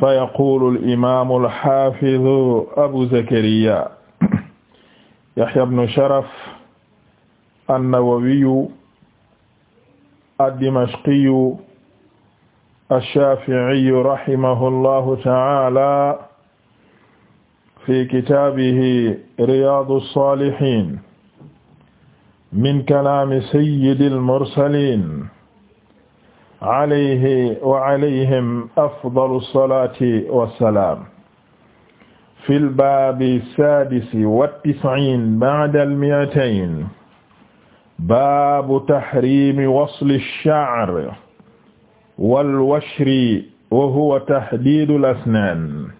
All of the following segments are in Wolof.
fa yaqulu al-imaamu al-haafidu Abu Zakariya Yahya ibnu Sharaf an-Nawawiyu ad-Dimashqiyu ash-Shaafi'iyu rahimahullahu ta'aala fi kitaabihi Riyaadu as-Saalihiin min kalaami sayyidil mursaliin alayhi wa alayhim afdalu salaati wa salaam. fil baabi saadisi wa tis'iin ba'da al-mi'atayn. baabu tahriimi wasli ash-sha'ri wal washri wa huwa tahdiidu al-asnaan.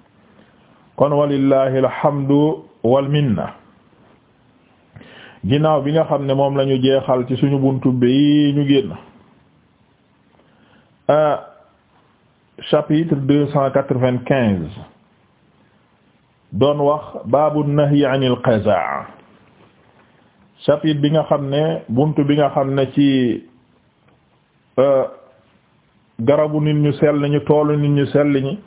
kon walillaahi alhamdu wal minna. ginnaaw bi nga xam ne moom lañu jeexal ci suñu buntu bi ñu génn. Euh, chapitre deux cent quatre-vingt-quinze doon wax baabu nahyi anil qaza chapitre bi nga xam ne buntu bi nga xam ne ci euh, garabu nit ñu sell ñi toolu nit ñu sell ñi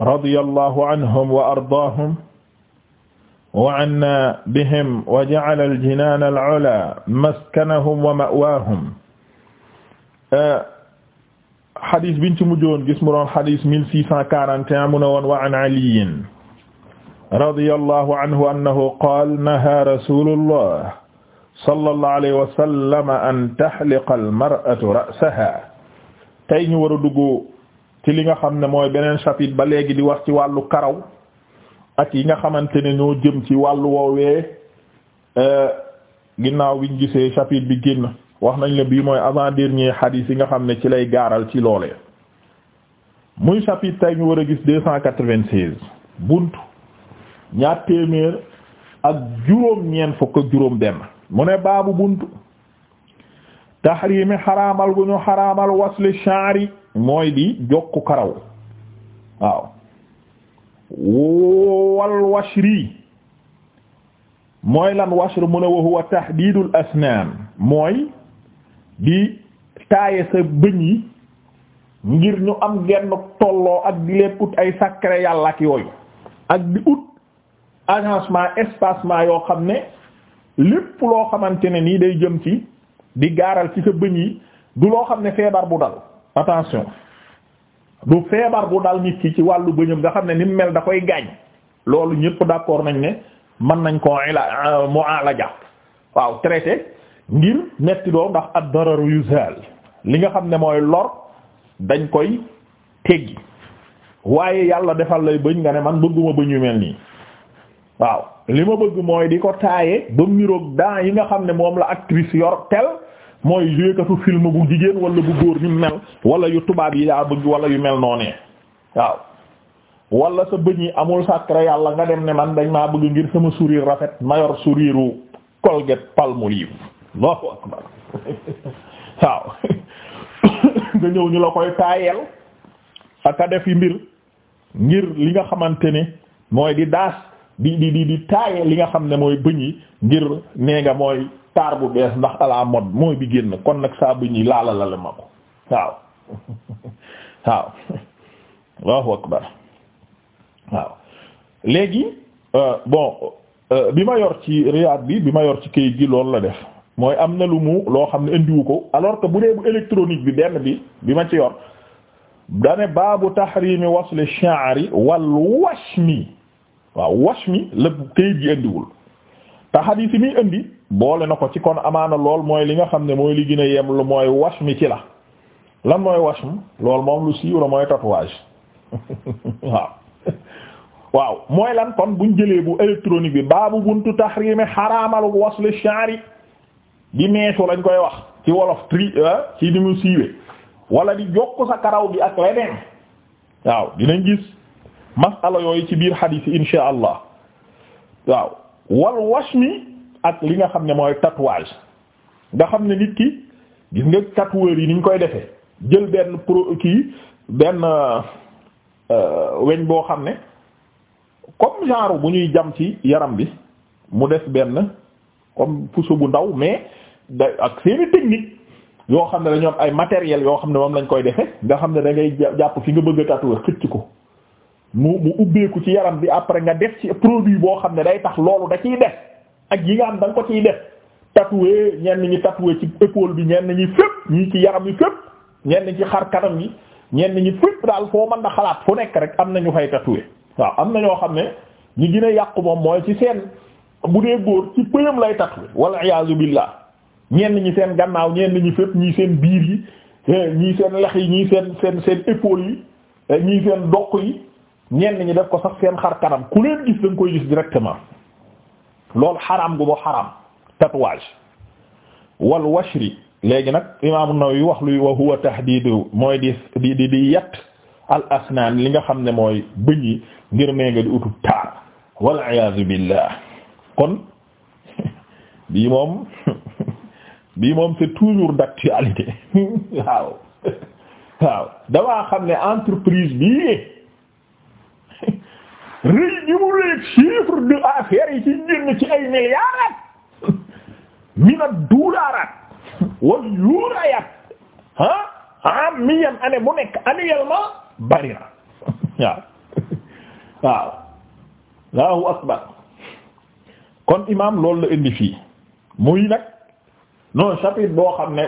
radiyallahu anhum wa ardaahum wa anna bihim wa ja'ala al-jinaan al-'ulaa maskanahum wa ma'waahum euh, xadis biñ ci mujjoon gis mu doon xadis mille six cent quarante et un mu ne woon wa an aliyin radiyallahu anhu annahu qaal naha rasulullah sallallahu alayhi wa sallam an tahliqa almar'atu ra'saha tey ñu war a dugg ci li nga xam ne mooy beneen chapitre ba léegi di wax ci wàllu karaw ak yi nga xamante ne ñoo jëm ci wàllu woowee euh, ginnaaw biñ gisee chapitre bi génn wax nañ ne bii mooy avant dernier hadith yi nga xam ne ci lay gaaral ci loole muy chapitre tay ñu war a gis deux cent quatre-vingt-seize bunt ñaar téeméer ak juróom ñeent fukk ak juróom benn mu ne baabu bunt taxriimi xaraamal gu ñu xaraamal wasli sha'ri mooy di jokku karaw waaw wal washri mooy lan washri mu ne wa huwa tahdiidul asnaan mooy di taaye sa bëñ yi ngir ñu am genn tolloo ak di leen ay sacré yàlla ak yooyu ak di ut agencement espacement yoo xam ne lépp loo xamante ne nii day jëm ci di gaaral ci sa bëñ yi du loo xam ne feebar bu dal attention du feebar bu dal nit ki ci wàllu bëñam nga xam ne ni mel da koy gaañ loolu ñëpp d'accord nañ ne mën nañ ko ila euh, mu'alaja waaw traité ngir metti doo ndax ad-dararu yuzal li nga xam ne mooy lor dañ koy teggi waaye yàlla defal lay bëñ nga ne man bëgguma bëñ yu mel nii waaw li ma bëgg mooy di ko taaye ba miroog daa yi nga xam ne moom la actrice yor tel mooy joykatu film bu jigéen wala bu góor ni mel wala yu tubaab yi daa bëgg wala yu mel noonee waaw wala sa bëñ yi amul sàkkara yàlla nga dem ne man dañ maa bëgg ngir sama sourire rafet mayor yor sourire u Colgate Palmolive allahu akbar waaw nga ñëw ñu la koy taayeel ak a def yi mbir ngir li nga xamante ne mooy di daas di di di di taayeel li nga xam ne mooy bëñ yi ngir nee nga mooy taar bu bees ndax ala mod mooy bi génn kon nag saa bëñ yi laala la la ma ko waaw waaw allahu akbar waaw léegi euh, bon euh, bi ma yor ci riyaad bi bi ma yor ci këyit gi loolu la def mooy am na lu mu loo xam ne indiwu ko alors que bu dee bu électronique bi benn bi bi ma ci yor dane baabu tahrimi wasli sha'ri wal washmi waaw washmi la këyit gi indiwul te xadiis yi muy indi boole na ko ci kon amaana lool mooy li nga xam ne mooy li gën a yem lu mooy washmi ci la lan mooy washmi lool moom lu siiw la mooy tatouage waaw mooy lan kon buñ jëlee bu électronique bi baabu buntu tahrimi xaraamal wasli sha'ri di meesu lañ koy wax ci wolof tri euh, ci li mu siiwee wala di jokk sa karaw bi ak leneen waaw dinañ gis masala yooyu ci biir hadith yi insha allah waaw wal washmi ak li nga xam ne mooy tatouage nga xam ne nit ki gis nga tatoueur yi niñ koy defe jël benn pro kii benn euh, weñ boo xam ne comme genre bu ñuy jam ci yaram bi mu def benn comme puso bu ndaw mais da ak seeni technique yoo xam ne dañoo am ay matériel yoo xam ne moom lañ koy defe nga xam ne da ngay jàpp fi nga bëgg a tatouer ko mu mu ubbeeku ci yaram bi après nga def ci produit boo xam ne day tax loolu da ciy def ak yi nga xam da ko ciy def tatouer ñenn ñi tatouer ci épaule bi ñenn ñi fépp ñii ci yaram yi fépp ñenn ñi ci xar kanam yi ñenn ñi fépp daal foo mën na xalaat fu nekk rek am na ñu fay tatouer waaw am na ñoo xam ne ñi gën a yàqu moom mooy ci seen bu dee góor ci pëyam lay tatwe walla iyaazu billah ñenn ñi seen gannaaw ñenn ñi fépp ñii seen biir yi eh, ñii seen lex yi ñii seen seen seen épaule yi eh, ñii seen doq yi ñenn ñi def ko sax seen xar kanam ku leen gis da nga koy gis directement loolu xaram gu ba xaram tatouage wal washri léegi nag imaam An-Nawawi wax luy wa huwa tahdiidu mooy di di di yett al asnaan li nga xam ne mooy bëñ yi ngir nee nga di utub taar wal iyaazu billah kon bii moom bii moom c'est toujours d'actualité waaw waaw damaa xam ne entreprise bii rëy gi mu rëy chiffre d'affaires yi ci génn ci ay milliards mina dollars wal yuurayaat ah ah million année bu nekk annuellement bari na waaw waaw Allahu akbar kon imaam loolu la indi fii muy nag non chapitre boo xam ne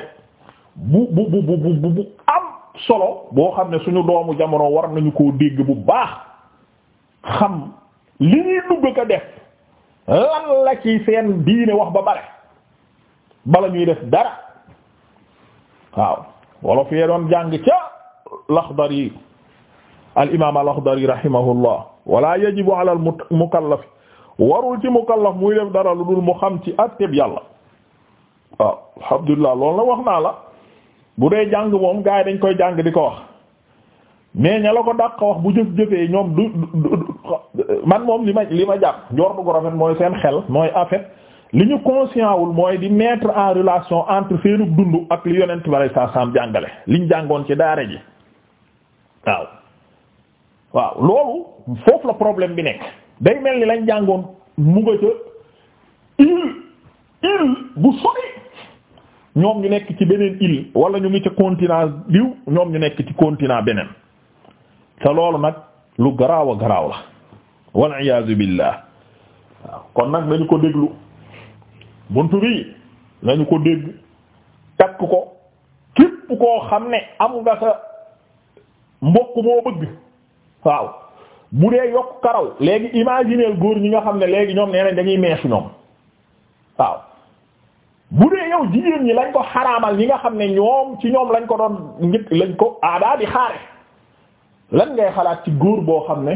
bu bu bu bu bu am solo boo xam ne suñu doomu jamono war nañu koo dégg bu baax xam li ñuy dugg ko def lan ci seen diine wax ba bare bala ñuy def dara waaw wolof yee doon jàng ca Laxdari al imaam al Laxdari rahimahullah wala yajibu ala mukallaf warul ci mukallaf muy def dara lu dul mu xam ci atteb yàlla waaw alhamdulilah loolu la wax naa la bu dee jàng moom gaa yi dañ koy jàng di ko wax mais ña la ko dàq wax bu jëf jëfee ñoom du man moom li ma li ma jàpp njortu ko rafet mooy seen xel mooy en li ñu conscient wul mooy di mettre en relation entre seenu dund ak li yonent bare saa saam jàngale liñ jàngoon ci daara ji waaw waaw loolu foofu la problème bi nekk day mel ni lañ jàngoon mu nga ca île île bu sori ñoom ñu nekk ci beneen île wala ñu ngi ca continent diw ñoom ñu nekk ci continent beneen te loolu nag lu garaaw a garaaw la wal iyaazu billah kon nag lañu ko déglu buntu bi lañu ko dégg takk ko képp koo xam ne am nga sa mbokk moo bëgg waaw bu dee yokk karaw léegi imaginer góor ñi nga xam ne léegi ñoom nee nañ dañuy meesu ñoom waaw bu dee yow jigéen ñi lañ ko xaraamal ñi nga xam ne ñoom ci ñoom lañ ko doon njëkk lañ ko aadaa di xaare lan ngay xalaat ci góor boo xam ne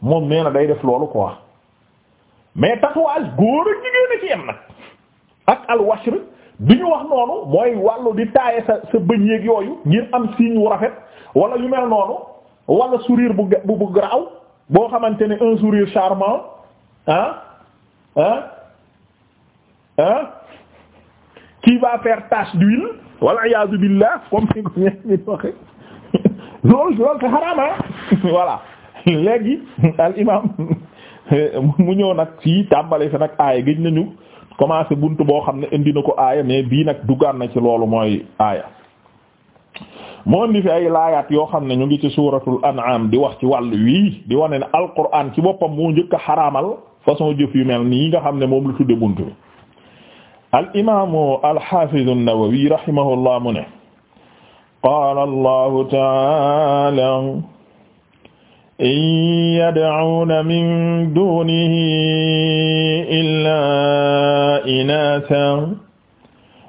moom nee day def loolu ko wax mais tatouage góor ak jigéen a ci yem nag ak alwashr bi ñu wax noonu mooy wàllu di taaye sa sa bëñ yéeg yooyu ngir am signe wu rafet wala yu mel noonu wala sourire bu bu bu garaaw boo xamante ne un sourire charmant ah ah ah qui va faire tache d'huile wala iyaazu billah comme ni ko loolu loolu sa xaraama voilà léegi al imam mu ñëw nag fii tàmbale sa nag aaya gëj nañu commencé bunt boo xam ne indi na ko aaya mais bii nag duggaan na ci loolu mooy aaya moo indi fi ay laayaat yoo xam ne ñu ngi ci suuratul an'am di wax ci wàll wii di wane ne alquran ci boppam moo njëkk a xaraamal façon jëf yu mel nii nga xam ne moom la tudde buntu bi al imaamu al mu ne qaala allahu taala in yad'uuna min dunihi illaa inaasa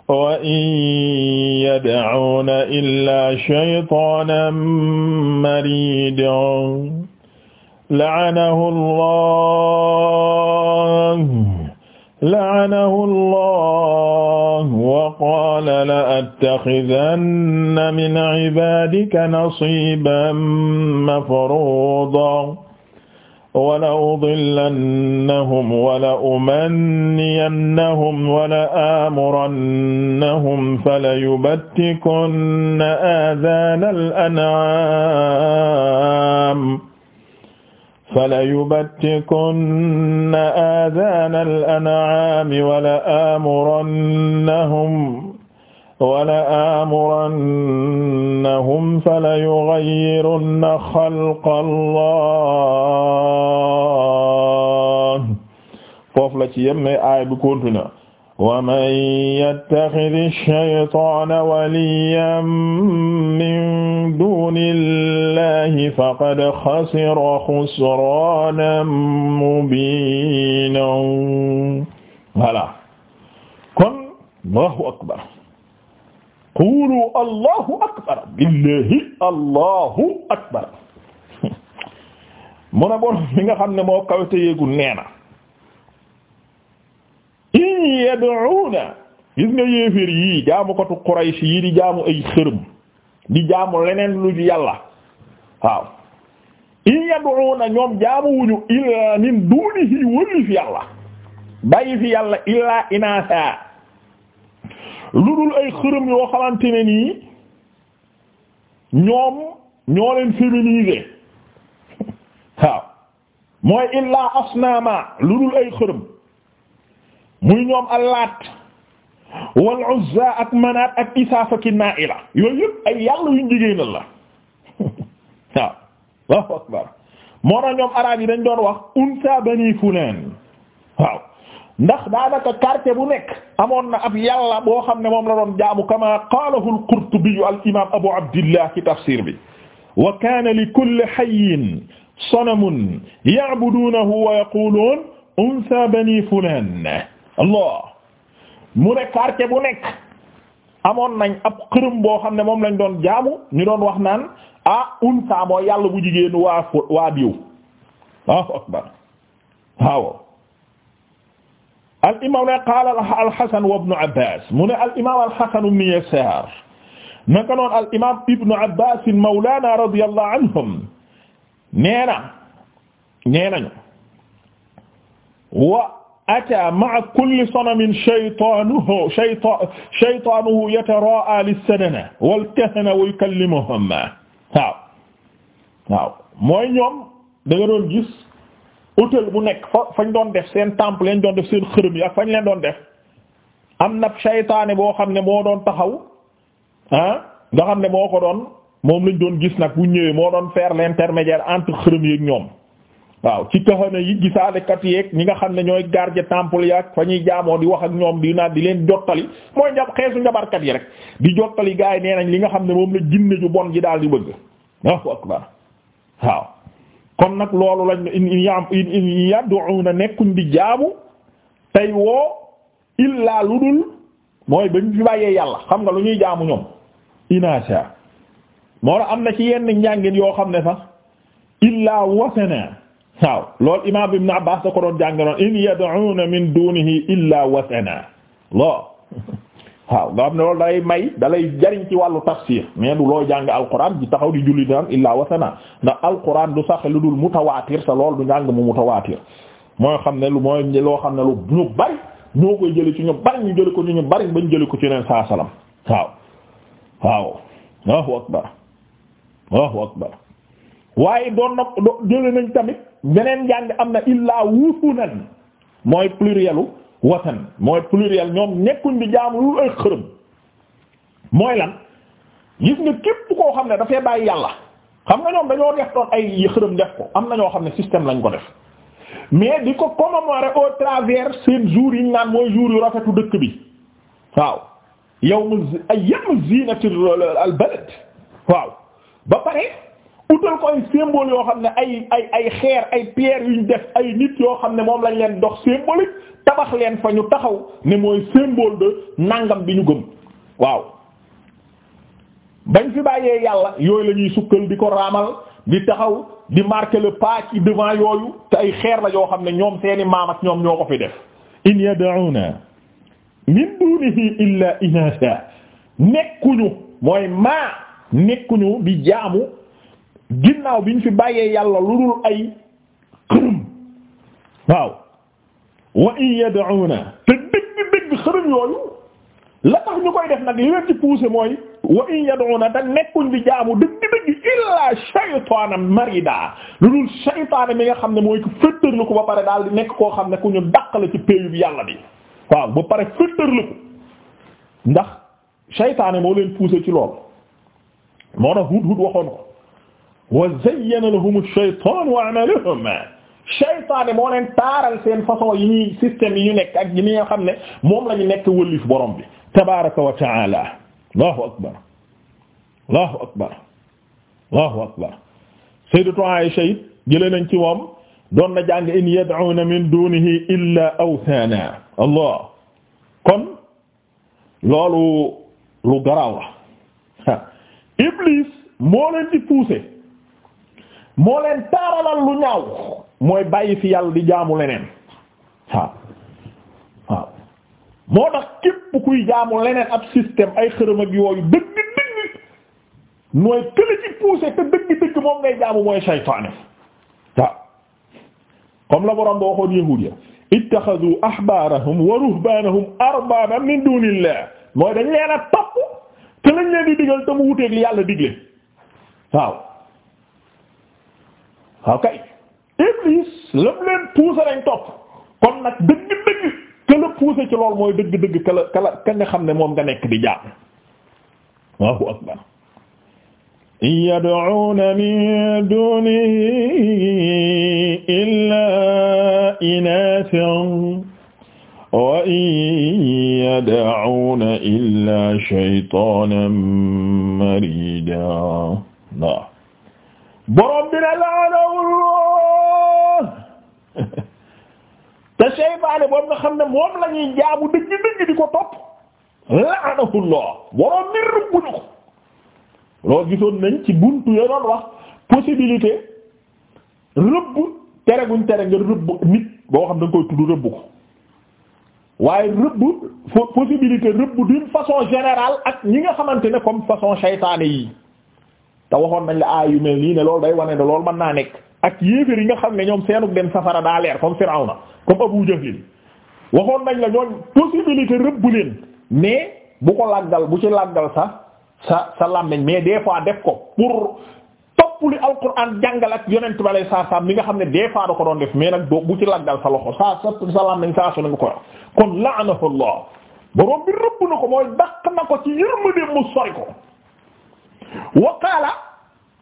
wa in yad'una illa shaytanan maridan la'anahu Allah la'anahu Allah wa qala la'attakhidhanna min ibadika nasiban mafruuda wala udillannahum wala umanniyannahum wala amurannahum fala yubattikunna aazaanal an'aam fala yubattikunna aazaanal an'aam wala amurannahum wala amurannahum fala yughayyirunna xalqa allah foofu la ci yem ne aay bi continue wa man yattaxidi shaytaana waliyan min duuni llahi faqad xasira xusraanan mubiinan voilà kon allahu akbar qulu allahu akbar billahi allahu akbar mun a borom nga xam ne moo kawete yéegu nee na in yad'una gis nga yéeféer yii jaamukatu Quraysh yii di jaamu ay xërëm di jaamu leneen lu yàlla waaw in yad'una ñoom jaamuwuñu illa min dunihi wëlli fi yàlla bàyyi fi yàlla illa inaasa lu dul ay xërëm yoo xamante ne nii ñoom ñoo leen féminiser waaw mooy illaa asnaama lu ay xërëm muy ñoom allaat wal uzza ak manaat ak isaafa ki yooyu ay yàlla yu jigéenal la waaw akbar moo ñoom araab yi dañ doon wax unsa bani fulaan ndax daanaka quartier bu nekk amoon na ab yàlla boo xam ne moom la doon jaamu kama qaalahu al-Qurtubi al imam Abu Abdillah ci tafsir bi wa kana li kulli hayyin sanamun ya'budunahu wa yaqulun unsa bani fulan allah mu ne quartier bu nekk amoon nañ ab xërëm boo xam ne moom lañ doon jaamu ñu doon wax naan a ah, unsa mooy yàlla bu jigéenu waa waa biw al imaam ne qaala al-Hasan wa ibnu Abbaas mu ne al imaam al-Hasan ibnu Yasaar naka noonu al imaam ibnu Abbaas mawlaana radiyallahu anhum nee na nee nañu wa ataa ma'a kulli sanamin shaytaanuhu shaytaanuhu yataraa'a lis-sadana wal-kahana wa yukallimuhum waaw waaw mooy ñoom da nga doon gis. hôtel bu nekk fa ñu doon def seen temple lañ doon def seen xërëm yi ak fañ leen doon def am na saytaane boo xam ne moo doon taxaw ah nga xam ne moo ko doon moom lañ doon gis nag bu ñëwee moo doon faire l'intermédiaire entre xërëm yi ak ñoom waaw ci kahana yi yeeg ñi nga xam ne ñooy garde temple yi ak fa ñuy jaamoo di wax ak ñoom di naan di leen jottali mooy njab xeesu njabarkat yi rek di jottali gars yi nee nañ li nga xam ne moom la jinne ju bon ji daal di bëgg waaw waaw kon nag loolu lañ in yad'una nekkuñ di jaamu tey woo illaa lu dul mooy bañ fi bàyyee yàlla xam nga lu ñuy jaamu ñoom inaasa moo la am na ci yenn njàngin yoo xam ne sax illaa wasana waaw lool imaam ibn Abbaas da ko doon jàngi in yad'una min dunihi illaa wasana lo waaw nga xam ne loolu day may dalay jariñ ci wàllu tafsir mais du loo jàng alquran di taxaw di julli naan illaa wasana ndax alquran du sax lu dul mutawaatir sa lool du njàng mu mutawaatir mooy xam ne lu mooy loo xam ne lu ñu bari ñoo koy jële ci ñu bari ñu jële ko ci ñu bari bañ jële ko ci neen saa salam waaw waaw Allahu akbar akbar waaye doon na jële nañ tamit beneen jàng am na illaa wusunan mooy plurielu watan mooy pluriel ñoom nekkuñ di jaamu lu ay xërëm mooy lan gis nga képp koo xam ne dafay bàyyi yàlla xam nga ñoom dañoo def doon ay xërëm def ko am na ñoo xam ne système lañ ko def mais di ko commémorer au travers seen jours yi ñu naan mooy jours yu rafetu dëkk bi waaw yawmu ayyamu zinati al balad waaw ba pare utal ko ay symbole yoo xam ne ay ay ay xeer ay pierre yuñ def ay nit yoo xam ne moom lañ leen dox symbolique tabax leen fa ñu taxaw ne mooy symbole de nangam bi ñu gëm waaw bañ fi bàyyee yàlla yooyu lañuy ñuy sukkal di ko raamal di taxaw di marquer la pas yi devant yooyu te ay xeer la yoo xam ne ñoom seeni maam ñoom ñoo ko fi def in yad'una min dunihi illa inasa nekkuñu mooy maa nekkuñu di jaamu ginnaaw biñ fi bàyyee yàlla lu dul ay xërëm waaw wa in yad'una te dëgg dëgg xërëm la tax ñu koy def nag li leen ci mooy wa in yad'una te nekkuñ di jaamu dëgg dëgg illaa shaytaanan marida lu dul shaytaan mi nga xam ne mooy ku féttërlu ko ba pare daal di nekk koo xam ne ku ñu dàqale ci bi yàlla bi waaw ba pare féttërlu ko ndax shaytaan moo leen pousser ci lool moo tax Hud Hud wa zayyana lahum ash-shaytaanu a'maalahum seytaane moo seen façon yi ñuy système nekk ak yi nga xam ne moom la ñu nekk wëllif borom bi tabaraka wa taala allahu akbar allahu akbar allahu akbar sayyidatu Aisha it jëlee nañ ci moom doon na jàng in yad'una min dunihi illa awthana allah kon loolu lu garaaw iblis moo leen di pousser lu ñaaw mooy bàyyi fi yàlla di jaamu leneen waaw waaw moo tax képp kuy jaamu leneen ab système ay xërëm ak yooyu dëgg dëgg mooy kële ci poussé te dëgg dëgg moom ngay jaamu mooy saytaane waaw comme la borom ba waxoon yahuud ya ittaxadu ahbaarahum wa ruhbaanahum arbaaban min duunillah mooy dañ leen a topp te lañ leen di digal te mu wuteeg yàlla digle waaw waaw kay iblis lam leen puusa lañ topp kon nag dëgg-dëgg ka la puusa ci lool mooy dëgg-dëgg ka la ka la ka nga xam ne moom nga nekk di jaam Allahu akbar in yad'una min dunihi illa inathan wa in yad'una illa shaytanan marida borom bi ne laanahu te seytaane boobu nga xam ne moom la ñuy jaabu dëgg dëgg di ko topp la'anahullah waroon ni rëbb ñu ko loolu gisoon nañ ci buntu ya wax possibilité rëbb tere guñ tere nga rëbb nit boo xam da nga koy tudd rëbb ko waaye rëbb possibilité rëbb d'une façon général ak ñi nga xamante ne comme façon seytaane yi te waxoon nañ la aay yu mel nii ne loolu day wane ne loolu mën naa nekk ak yéeféer yi nga xam ne ñoom seenug dem safara daa leer comme Firawna comme Abu Jahl waxoon nañ la ñoom possibilité rëbb leen mais bu ko làggal bu ci làggal sa sa sa làmmiñ mais des fois def ko pour topp li alquran jàngal ak yonent bi alay saa saa mi nga xam ne des fois da ko doon def mais nag doo bu ci làggal sa loxo sa sa sa làmmiñ saa su ne nga ko wax kon la'anahu Allah borom bi rëbb na ko mooy dàq na ko ci yërmandeem mu sori ko waqaala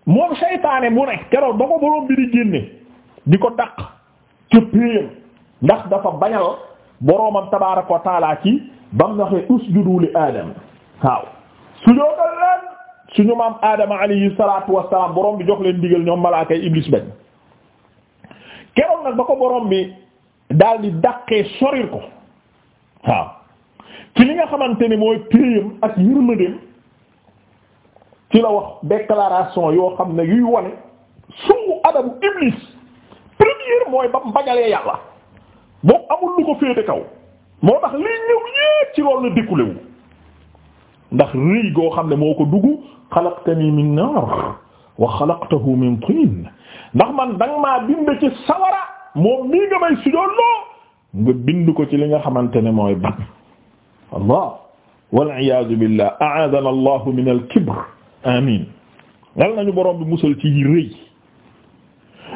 moom seytaane bu ne keroog ba ko borom bi di génne di ko daq ca péeyam ndax dafa bañal boroomam tabaaraka ci bam waxee usjudu li aadama waaw sujjóotal leen suñu maam aadama alayhi salaatu wassalaam borom bi jox leen digal ñoom malaaka yi iblis bañ keroog nag ba ko borom bi daal di daqee sorir ko waaw ci li nga xamante ni mooy péeyam ak yërmandeem ci la wax déclaration yoo xam ne yuy wane suu adamu iblis première mooy ba mbagalee yàlla moom amul lu ko féete kaw moo tax liy ñëw yépp ci loolu la découlé ndax rëy goo xam ne moo ko dugg xalaqtani min naar wa xalaqtahu min tin ndax man danga maa bind ci sawara moom mii nga may sujjóot loo nga bind ko ci li nga xamante ne mooy ban allah wal iyaazu billah a'adana allah min al amin yal nañu borom bi musal ci yi rëy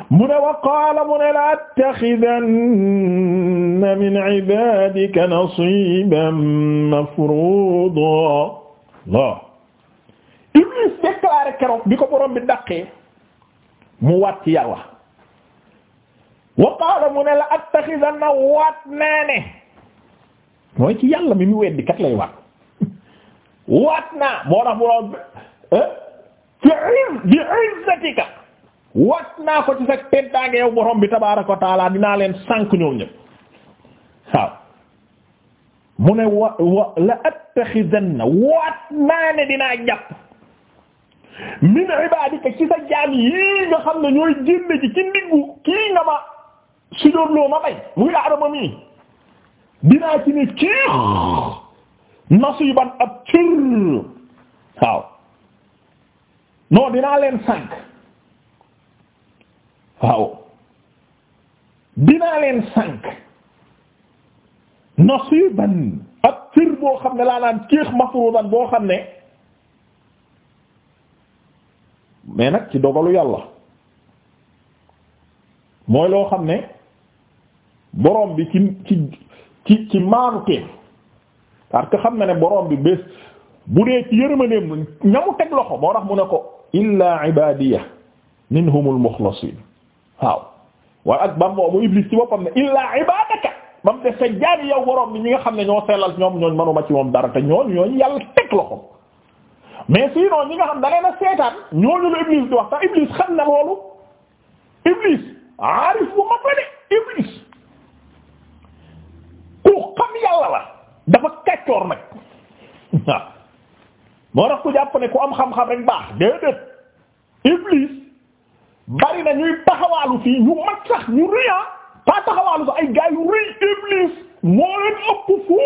mu ne wa qaala mu ne la attaxidanna min ibadika nasiban mafruda la Iblis déclaré keroog bi ko borom bi dàqee mu waat ci yàlla wa qaala mu ne la attaxidanna waat naa ne mooy ci yàlla mi mu weddi kat lay waat waat naa moo tax borom ci eh? bi izzatika wat naa ko ci sa teddaange borom bi tabaaraka wa taala dinaa leen sànk ñoom ñëpp waaw mu ne wa wa la attaxidanna waat naa ne dinaa jàpp min ibadika ci sa jaam yii nga xam ne ñooy génn ji ci ndiggu kii nga ma sujóotloo ma bay muy aadama mii dinaa ci ne kii nasiban ab cër waaw non dinaa leen sànk waaw dinaa leen sànk nasiban ak fir boo xam ne laa naan kéex mafruudan boo xam ne mais nag ci dogalu yàlla mooy loo xam ne borom bi ci ci ci ci maanute parce que xam na ne borom bi bés bu dee ci yërmandeem ñamu teg loxo moo tax mu ne ko illaa ibadiya minhumul mukhlasin waaw waaye ak bam moomu iblis ci boppam ne illaa ibadaka ba mu def sa jaani yow borom bi ñi nga xam ne ñoo sellal ñoom ñooñ manuma ci moom dara te ñooñ ñooñ yàlla teg loxo mais sinon ñi nga xam da leen seetaan ñooñu la iblis di wax tax iblis xam na loolu iblis aarif bu mag la iblis ku xam yàlla la dafa kàccoor nag waaw moo tax ku jàpp ne ku am xam-xam rek baax déedéet Iblis bari na ñuy taxawaalu fii ñu mag sax ñu réa ah. pas taxawaalu sax ay gaa yu rëy Iblis moo leen ëpp fu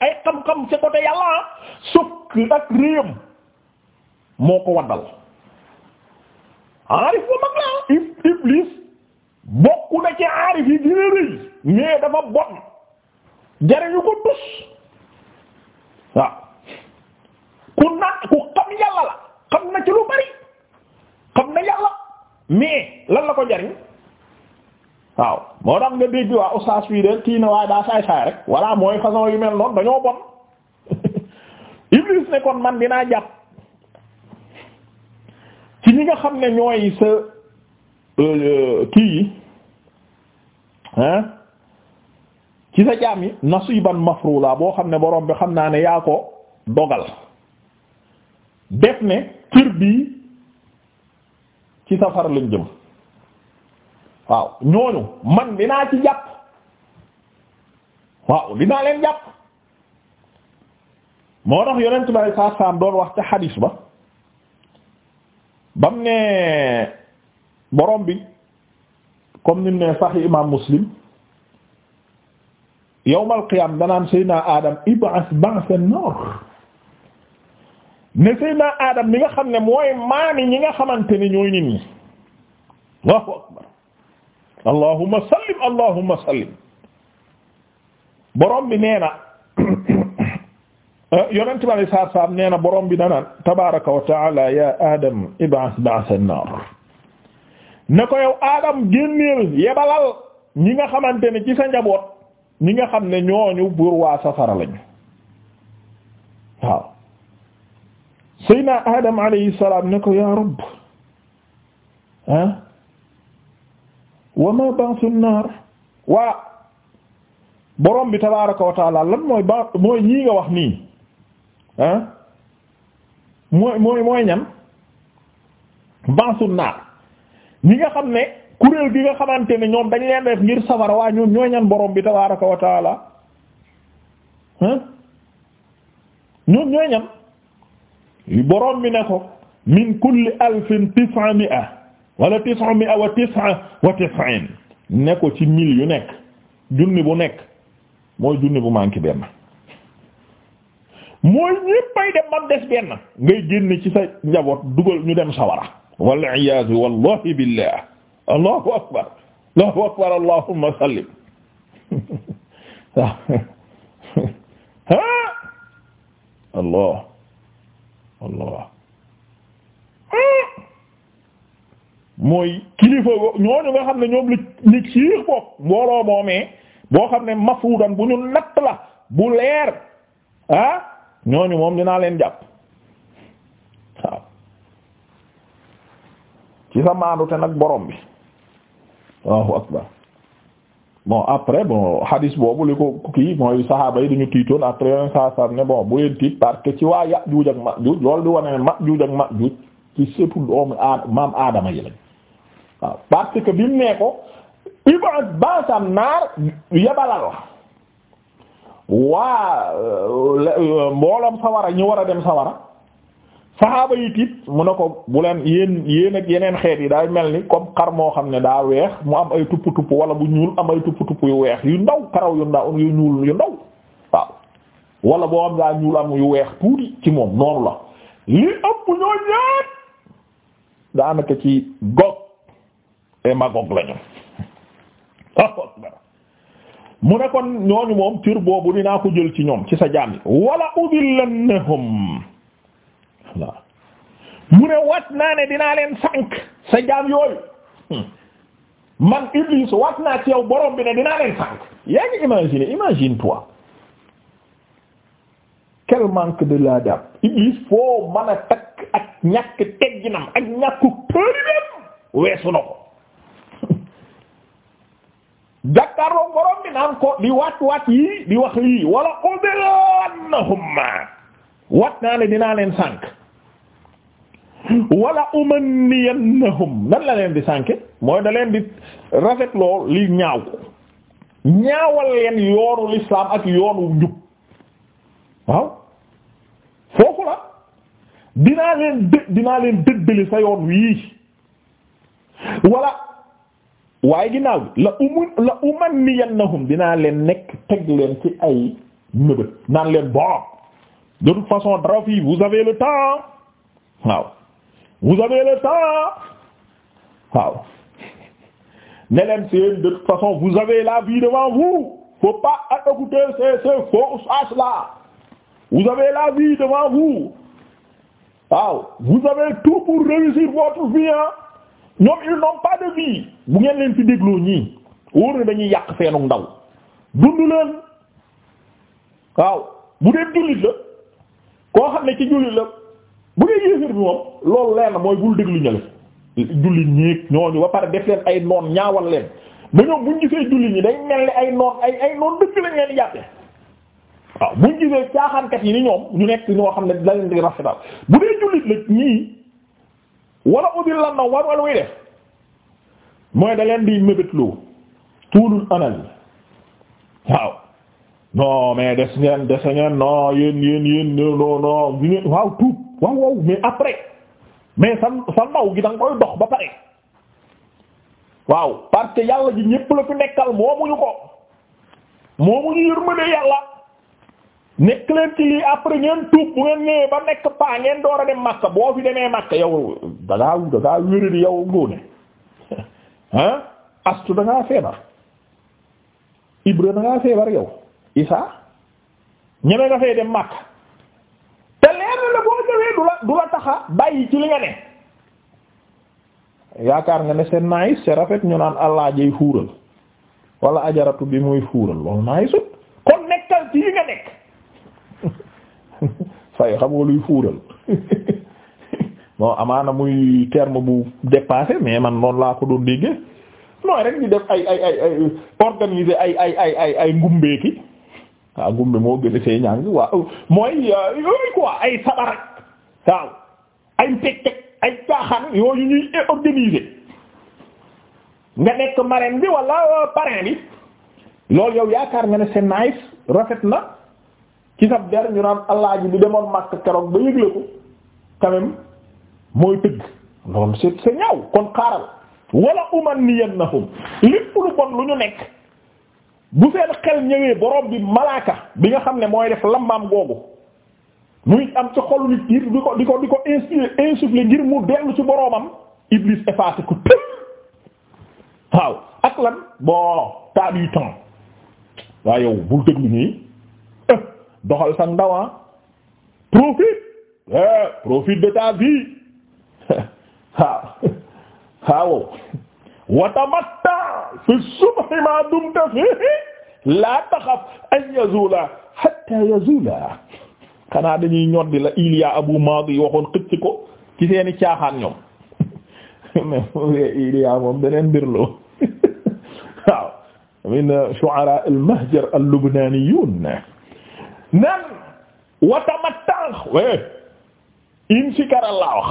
ay xam-xam ci côté yàlla ah. sukk ak réem moo ko waddal aarif ba mag la ah. Iblis bokk na ci aarif yi dina rëy mais dafa bon jariñu ko tus waaw ku naan ku xam yàlla la xam na ci lu bari xam na yàlla mais lan la ko jariñ waaw moo tax nga dégg waa oustaz fii de kii na waaye daa saay saay rek voilà mooy façon yu mel noonu dañoo bon Iblis ne kon man dinaa jàpp ci ñi nga xam ne ñooy sa euh, euh, kii yi ah ci sa jaam yi nasiban mafrula boo xam ne borom bi xam naa ne yaa ko dogal def ne kër bii ci safara lañ waaw ñooñu man dinaa ci jàpp waaw dinaa leen jàpp moo tax yonent bi saa saam doon wax xadiis ba bam ne borom bi comme nim ne sax imaam muslim yawmal qiyaam danaan seyna adam ib'as ba'sa an-nar ne Seydina Adam mi nga xam ne mooy maami ñi nga xamante ne ñooy nit ñi Allahu akbar allahumma sallim allahumma sallim borom bi nee na yonent bi alei saatu salaam nee na borom bi danaan tabaraka wa taala ya Adam ib'ath ba'th an-nar ne ko yow Adam génneel yebalal ñi nga xamante ne ci njaboot ñi nga xam ne ñooñu buur waa safara lañu Seydina Adam alayhi salaam ne ko yaa Rabb ah wa ma ba'su naar waa borom bi tabaaraka wa taala lan mooy ba mooy ñii nga wax nii ah mooy mooy mooy ñan ba'su naar ñi nga xam ne kuréel bi nga xamante ne ñoom dañ leen def ngir safara waa ñoom ñooy ñan borom bi tabaaraka wa taala ah ñoom ñooy ñan. borom bi ne ko min kulli alfin tis'a mi'a wala tis'a mi'a wa tis'a wa tis'in ne ko ci mil yu nekk junni bu nekk mooy junni bu manqué benn mooy ñéppay dem bam des benn ngay génn ci sa njaboot dugal ñu dem sawara wal iyaazu wallahi billah allahu akbar allahu akbar allahumma sallim waaw allah allah mooy kilifa ñooñu nga xam ne ñoom la ñi ciix bopp mbooloo moomee boo xam ne mafuudan bu ñu natt la bu leer ah ñooñu moom dinaa leen jàpp waaw ci sa maandu te nag borom bi waaw akbar bon après bon hadis boobu li ko kii mooy saxaaba yi dañu tiitoon après yeneen saa saa ne bon bu leen tiit parce que ci waa Yaajuuj ak Maajuuj loolu di wane ne Maajuuj ak Maajuuj ci sëtu doomu aadama yi lañ waaw parce que bi mu nee ko ibad basam naar yabalal waa euh, euh, mboolam sawara ñu war a dem sawara saxaaba yi tiit mu ne ko bu leen yéen yéen ak yeneen xeet yi daay mel ni comme xar moo xam ne daa weex mu am ay tupp tupp wala bu ñuul am ay tupp tupp yu weex yu ndaw karaw yu ndaw yu ñuul yu ndaw waaw wala boo am daa ñuul am yu weex tuuti ci moom noonu la li ëpp ci e Gog et mu ne kon ñooñu moom tur boobu dinaa ko jël ci ñoom ci sa jaam yi wala udillannahum waaw wat naa ne dinaa leen sànk sa jaam yooyu hmm. man Iblis wat naa ci yow borom bi ne dinaa leen sànk yaa ngi imagine imagine toi quel manque de l'adab Iblis foo mën takk ak ñàkk tegginam ak ñàkku përidem weesu na ko jàkkaarloo borom bi ko di waat waat yii di wax lii wala ubilannahum wat naa ne dinaa leen sànk wala umanniyannahum nan la leen di sànke mooy da leen di rafetloo li ñaaw ñaawal leen yoonu l'islam ak yoonu njub waaw foofu la dinaa leen dë dinaa leen dëddali sa yoon wii wala waaye ginnaaw la umu la umanniyannahum dinaa leen nekk teg leen ci ay nëbët naan leen borom de toute façon dara vous avez le temps waaw vous avez l temps waaw ne leen de toute façon vous avez la vie devant vous faut pas écouter ces ces faux sages là vous avez la vie devant vous waaw vous avez tout pour réussir votre vie hein ñoom ils n'ont pas de vie bu ngeen leen ci dégloo ñii wóor na dañuy yàq seenu ndaw dund leen waaw bu dee jullit la koo xam ne ci bu dee yéeféer bi moom loolu leer mooy bul déglu ñale jullit ñéeg ñooñu ba pare def leen ay noon ñaawal leen ba ñoom buñ gisee jullit ñi day mel ni ay noon ay ay noon dëkk lañ leen jàppee waaw buñ gisee caaxaankat yi ni ñoom ñu nekk ñoo xam ne da leen di rafetal bu dee jullit la ñii wala udil lan na war wala muy def mooy da leen di mébétloo tuulul anal yi waaw non mais des ngeen des ngeen non yéen yéen yéen non non waaw tuub waaw waaw mais après mais sa sa ndaw gi da nga dox ba pare waaw parce que yàlla ji ñépp la fi nekkal moomuñu ko moomuñu yërmande yàlla nekk leen ci lii après ngeen tuub bu ngeen ñëwee ba nekk paa ngeen door a dem Makka boo fi demee Makka yow da ngaa da ngaa wéradi yow ngóone ah astu da feebar Ibra da ngaa feebar yow Isa ñeme nga fee dem Makka. du la du la taxa bàyyi ci li nga ne yaakaar nga ne seen naayis c'est rafet ñu naan allah jay fuural wala ajaratu bi muy fuural loolu naayisut kon nekkal ci li nga nekk fay xam nga luy fuural bon amaana muy terme bu dépassé mais man noonu laa ko doon déggee mooy rek di def ay ay ay ay ay ay ay ngumbeeki waaw ngumbe moo gën a see ñàng waaw mooy euh, ay sabar waaw ay mpecc ay caaxaan yooyu ñuy organiser nga nekk marraine bi wala euh, parrain bi loolu yow yaakaar nga ne c'est nice rafet na ci sab der ñu naan allah ji bi demoon màkk keroog ba yëgle ko quand même mooy tëgg loolu c'est c'est ñaaw kon xaaral wala umanniyannahum lépp lu bon lu ñu nekk bu seen xel ñëwee boroom bi malaaka bi nga xam ne mooy def lambaam googu. muy am ci xol nit ngir di ko di ko di ko insuffler insuffler ngir mu dellu ci boroomam Iblis effacé ko tëb waaw ak lan bon tas du temps waa yow bul déglu ñuy eh, doxal sa ndawa ah. profite eh, profite de ta vie waaw waaw watamatta fi subhi ma dumta fihi la taxaf an yazula hatta yazula xanaa dañuy ñoddi la Iliya Abu Maadi waxoon xëcc ko ci seeni caaxaan ñoom mais moom beneen mbir waaw min shu'ara al-mahjar al-lubnaniyun nan watamatta we insikar laa wax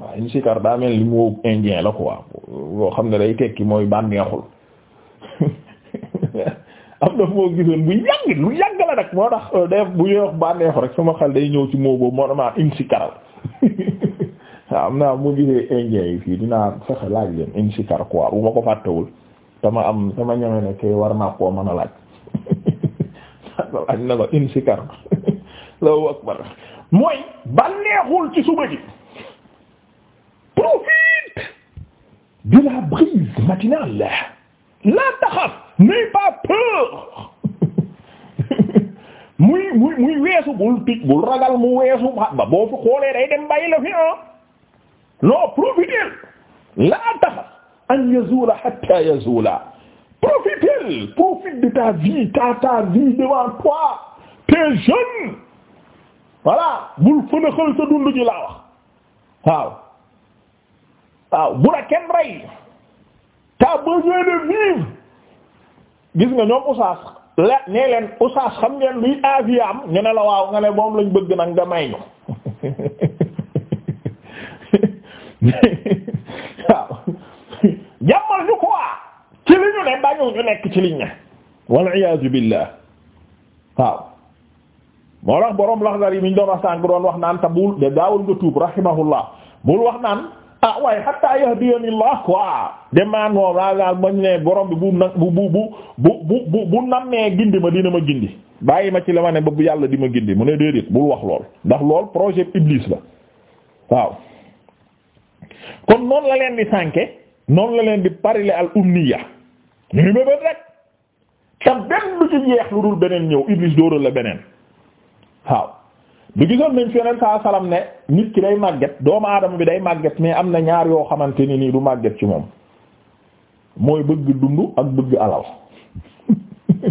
waaw insikar daa mel li mu indien la quoi boo xam ne day tekki mooy bànneexul am na moo gisoon bu yàgg lu yàgg la nag moo tax euh, def bu ñuy wax bànneexu rek sama xel day ñëw ci moo boobu moo dama insi karal waaw am naa mu gisee indien yi fii dinaa fexe laaj leen insi kar quoi bu ma ko fàttewul dama am sama ñeme ne kay war naa koo mën a laaj mooy bànneexul ci suba ji profite de la brise matinale la taxaf n'aie pas peur muy muy muy la ah. taxa an yazula hatta yazula profiter de ta vie ta ta vie devant toi t'es jeune voilà bul fënaxal sa dund ji laa wax waaw waaw bu la kenn rey t'as besoin de vivre gis nga ñoom usaas la nee leen usaas xam ngeen luy aviam ñu ne la waaw nga ne moom lañ bëgg nag nga may ñu waaw jàmmal ñu quoi ci li ñu ne bañu ñu nekk ci liñ ne wal iyaazu billah waaw moo tax boroom laxdar yi mi doon wax sànq doon wax naan te bul de daawul nga tuub rahimahullah bul wax naan ah waaye hatta yahdiyanillaah quoi demaan moom laa laal mañ ne borom bi bu nag bu bu bu bu bu bu nammee gindi ma dina ma gindi bàyyi ma ci la ma ne ba bu yàlla di ma gindi mu ne déedéet bul wax lool ndax lool projet iblis la waaw kon noonu la leen di sànke noonu la leen di parile al umniya ñu ba rek te benn lu ci jeex lu dul beneen ñëw iblis dóoral la beneen waaw du gisoon nañ fi yeneen saa salam ne nit ki day màgget doomu aadama bi day màgget mais am na ñaar yoo xamante ni nii du màgget ci moom mooy bëgg dund ak bëgg alal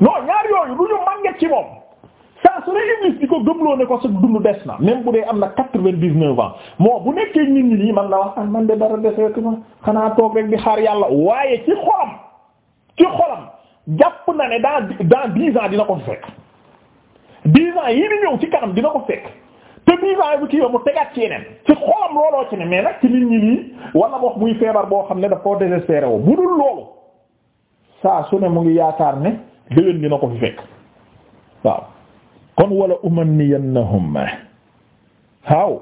non ñaar yooyu du ñu màgget ci moom saa su ne Iblis di ko gëmloo ne ko sa dund des na même bu dee am na quatre-vingt-dix-neuf ans moo bu nekkee nit ñi nii man la wax man de dara deseetuma xanaa toog rek di xaar yàlla waaye ci xolam ci xolam jàpp na ne dans dans dix ans dina ko fekk. dix ans yii di ñëw ci kanam dina ko fekk te dix yi bu kii ba mu tegaat ci yeneen ci xolam looloo ci ne mais nag ci nit ñi nii wala wax muy feebar boo xam ne daf koo désespéré wu bu dul loolu saa su ne mu ngi yaakaar ne déwén dina ko fi fekk waaw kon wala umanniyannahum waaw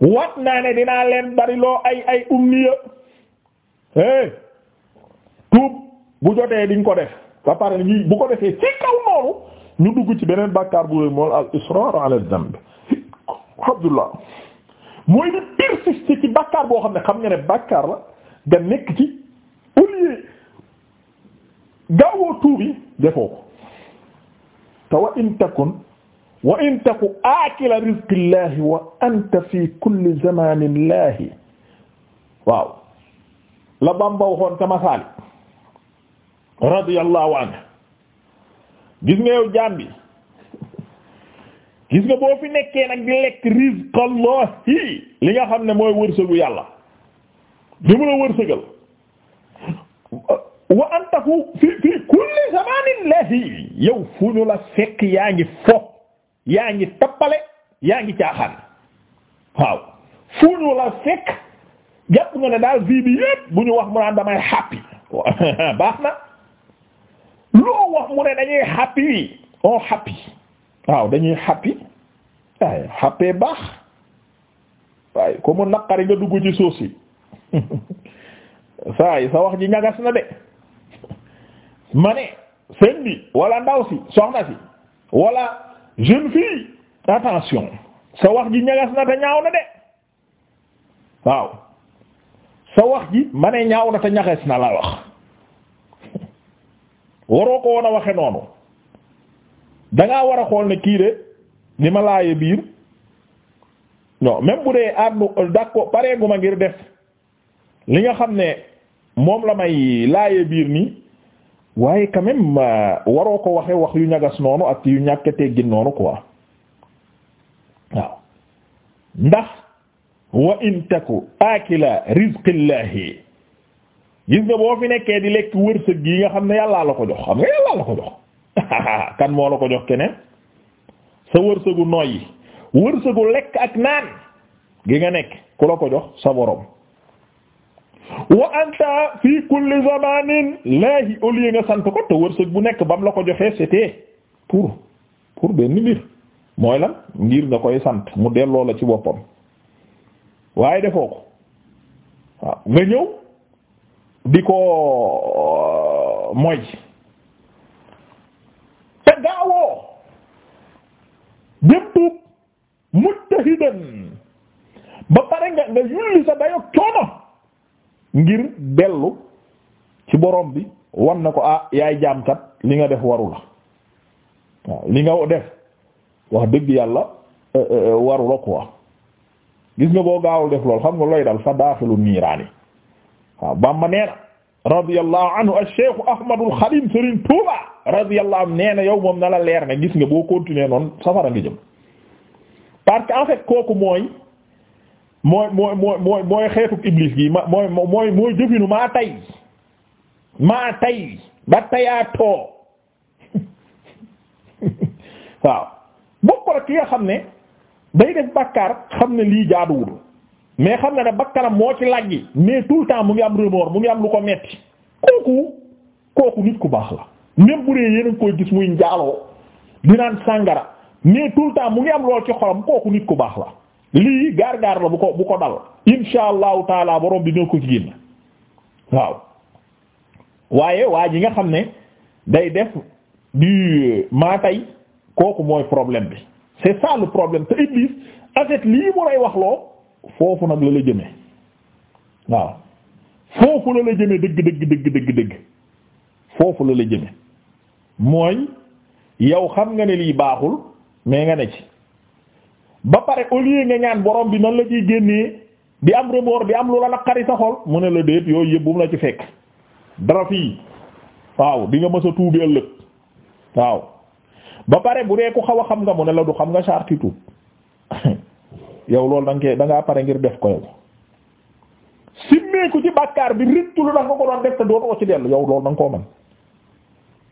wat naa ne dinaa leen bari loo ay ay umniya hey eh, tuub bu jotee diñ ko def ba pare ñuy bu ko defee ci kaw ñu dugg ci beneen bàkkaar bu rëy mool al israr ala dhanb abdullah mooy di persister ci bàkkaar boo xam ne xam nga ne bàkkaar la nga nekk ci au lieu gaawoo tuubi defoo ko te in takun wa in taku waaw la Bamba waxoon ta Masaalik radiyallahu anhu gis nga yow jaam bi gis nga boo fi nekkee nag lekk rizqallahi li nga xam ne mooy wërsëgu yàlla li mu la wërsëgal wa anta fu fi fi kulli zamanin lahi yow fu ñu la fekk yaa ngi fo yaa ngi tappale yaa ngi caaxaan fu ñu la fekk jàpp nga ne daal vie bi yépp bu ñu wax mu naan damay happy baax na loo wax mu ne dañuy happy on oh, happy waaw dañuy happy waaye happy baax waaye ko naqari nga dugg ci suuf si saa yi sa wax ji ñagas na de mane ne seen wala ndaw si soxna si wala jeune fille attention sa wax ji ñagas na te ñaaw na de waaw sa wax ji ma ne ñaaw na te ñagas na la wax waroo ko woon a waxe noonu danga war a xool ne kii de li ma laaye biir non même bu dee àddu d'accord pareeguma ngir def li nga xam ne moom la may laaye biir nii waaye quand euh, waroo ko waxe wax yu ñagas noonu ak yu ñàkk teggin noonu quoi waaw ndax wa in taku akila gis nga boo fi nekkee di lekk wërsëg gi nga xam ne yàllaa la ko jox xam nga yàllaa la ko jox kan moo la ko jox keneen sa wërsëgu noyyi wërsëgu lekk ak naan gi nga nekk ku la ko jox sa woroom wa anta fi kulli zamanin laahi au nga sant ko te wërsëg bu nekk bam la ko joxee c'était pour pour benn mbir mooy la ngir nga koy sant mu delloo la ci boppam waaye defoo ko waaw nga ñëw di ko euh, mooy te gaawoo dem tuub mujtahidan ba pare nga nga yulli sa dayo coono ngir dellu ci borom bi war na ko ah yaay jaamkat li nga def waru la waaw li nga def wax dëgg yàlla euh, euh, waru la quoi gis nga boo gaawul def lool xam nga looy dal fa daaxilul niiraani waaw Bamba nee na radiyallahu anhu ash-Shaykh Ahmadul Xadim Serigne Touba radiyallahu anhu nee na yow moom na la leer ne gis nga boo continuer noonu safara nga jëm parce que en kooku mooy mooy mooy mooy mooy mooy xeetu iblis gi mooy mooy mooy jëfinu maa tay maa tay ba tayaatoo waaw bokk la ki nga xam ne day def bàkkaar xam ne lii jaaduwul mais xam nga ne ba bakkanam moo ci lajgi mais tout le temps mu ngi am remords mu ngi am lu ko metti kooku kooku nit ku baax la même bu dee yéen a koy gis muy njaaloo di naan sàngara mais tout temps mu ngi am lool ci xolam kooku nit ku baax la lii gaar-gaar la bu ko bu ko dal insha allahu taala borom bi dina ko ci génn waaw waaye waa ji nga xam ne day def du maa tey kooku mooy problème bi c'est ça le problème te Iblis en fait lii mu lay wax loo foofu nag la la jëme waaw foofu la la jëme dëgg dëgg dëgg dëgg dëgg foofu la la jëme mooy yow xam nga ne lii baaxul mais nga ne ci ba pare au lieu nga ñaan borom bi nan la ciy génnee di am remor di am lu la naqari sa xol mu ne la déet yooyu yëpp bu mu la ci fekk dara fii waaw di nga mës a tuubi waaw ba pare bu dee xaw a xam nga mu ne la du xam nga sarti yow loolu da nga koy da ngaa pare ngir def ko yow simmeeku ci bàkkaar bi rittu lu da ko doon def te dootoo ci dellu yow loolu da koo mën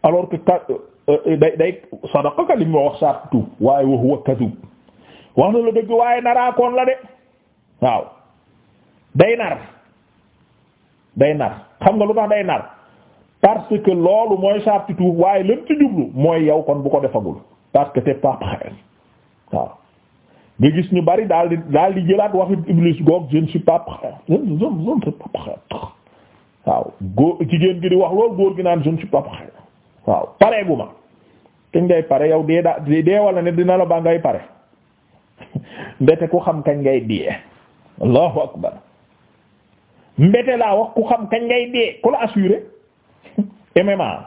alors que ka euh, euh, day day sadaqaka li mu wax saa tuub waaye wa wax na waaye naraakoon la xam nga lu tax day nar parce que loolu jublu mooy yow kon bu ko defagul parce que t'es pas prêt waaw. nga gis ñu bari daal di daal di jëlaat waxi Iblis goog je ne suis pas prêt je ne gi di wax loolu góor gi naan je ne suis pas prêt waaw pareegu kañ ngay pare yow dee daa dee wala ne dina la ba ngay pare mbete ku xam kañ ngay dee allahu akbar mbete laa wax ku xam kañ ngay dee ku la assuré MMA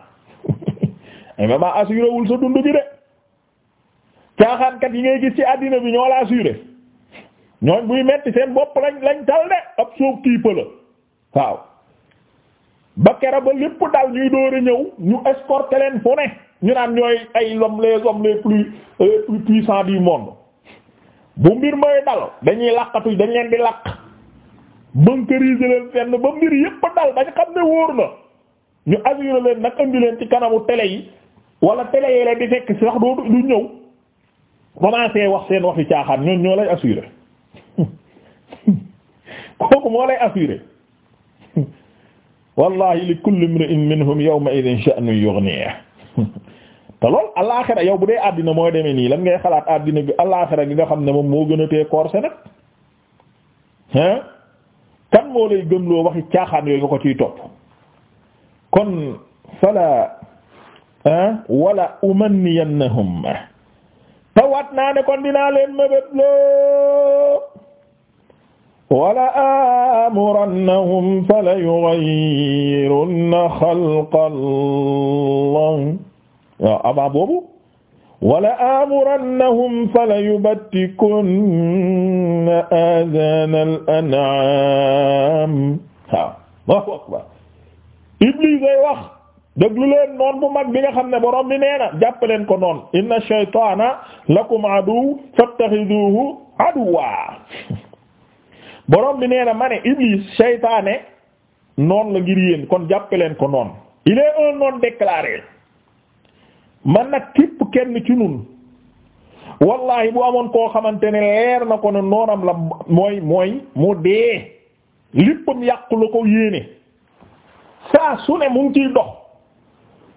MMA assuré sa dund bi de. caaxaankat yi ngay gis ci àddina bi ñoo la assuré ñooñ buy metti seen bopp lañ lañ tal de ab soof kiipa la waaw ba kera ba lépp dal ñuy door ñëw ñu escorté leen fu ne ñu naan ñooy ay l'homme les hommes les plus les plus monde bu mbir mooy dal dañuy laqatu dañ leen di laq bunkeriser leen fenn ba mbir yépp dal dañ xam ne wóor na ñu assuré leen nag indi leen ci kanamu tele yi wala télé yi leen di fekk si doo du ñëw commencé wax seen waxi caaxaan ñoom ñoo lay assuré kooku moo lay assuré wallahi li kulli imri'in minhum yawma idhin sha'nu yughnihi te lool alaaxira yow bu dee àddina moo demee nii lan ngay xalaat àddina bi alaaxira gi nga xam ne moom moo gën a tee korse nag hein kan moo lay gëmloo waxi caaxaan yooyu nga ko ciy topp kon fala wala umanniyannahum te wat naa ne kon dinaa leen mébét loo wala amurannahum fala yughayyirunna xalqa Allah waaw avant boobu wala amurannahum fala yubattikunna adana al an'am waaw Allahu akbar Iblis ay wax déglu leen noon bu mag bi nga xam ne borom bi nee na jàpp leen ko noon inna shaytaana lakum aduw fattaxiduhu aduwa borom bi nee na ma ne iblis shaytaane noon la ngir yéen kon jàpp leen ko noon il est un man nag képp kenn ci nun wallahi bu amoon koo xamante ne leer na ko ne noonam la mooy mooy mu dee léppam yàqu ko yéene saa su ne mu ngi ciy dox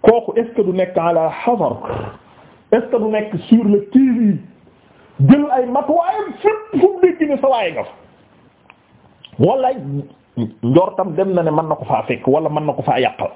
kooku est-ce du nekk ala hazar est-ce que du nekk suur le qui-vive jël ay matuwaayam fépp fu mu dégg ne sa waaye nga njortam dem na ne mën na ko faa fekk wala mën na ko faa yàqal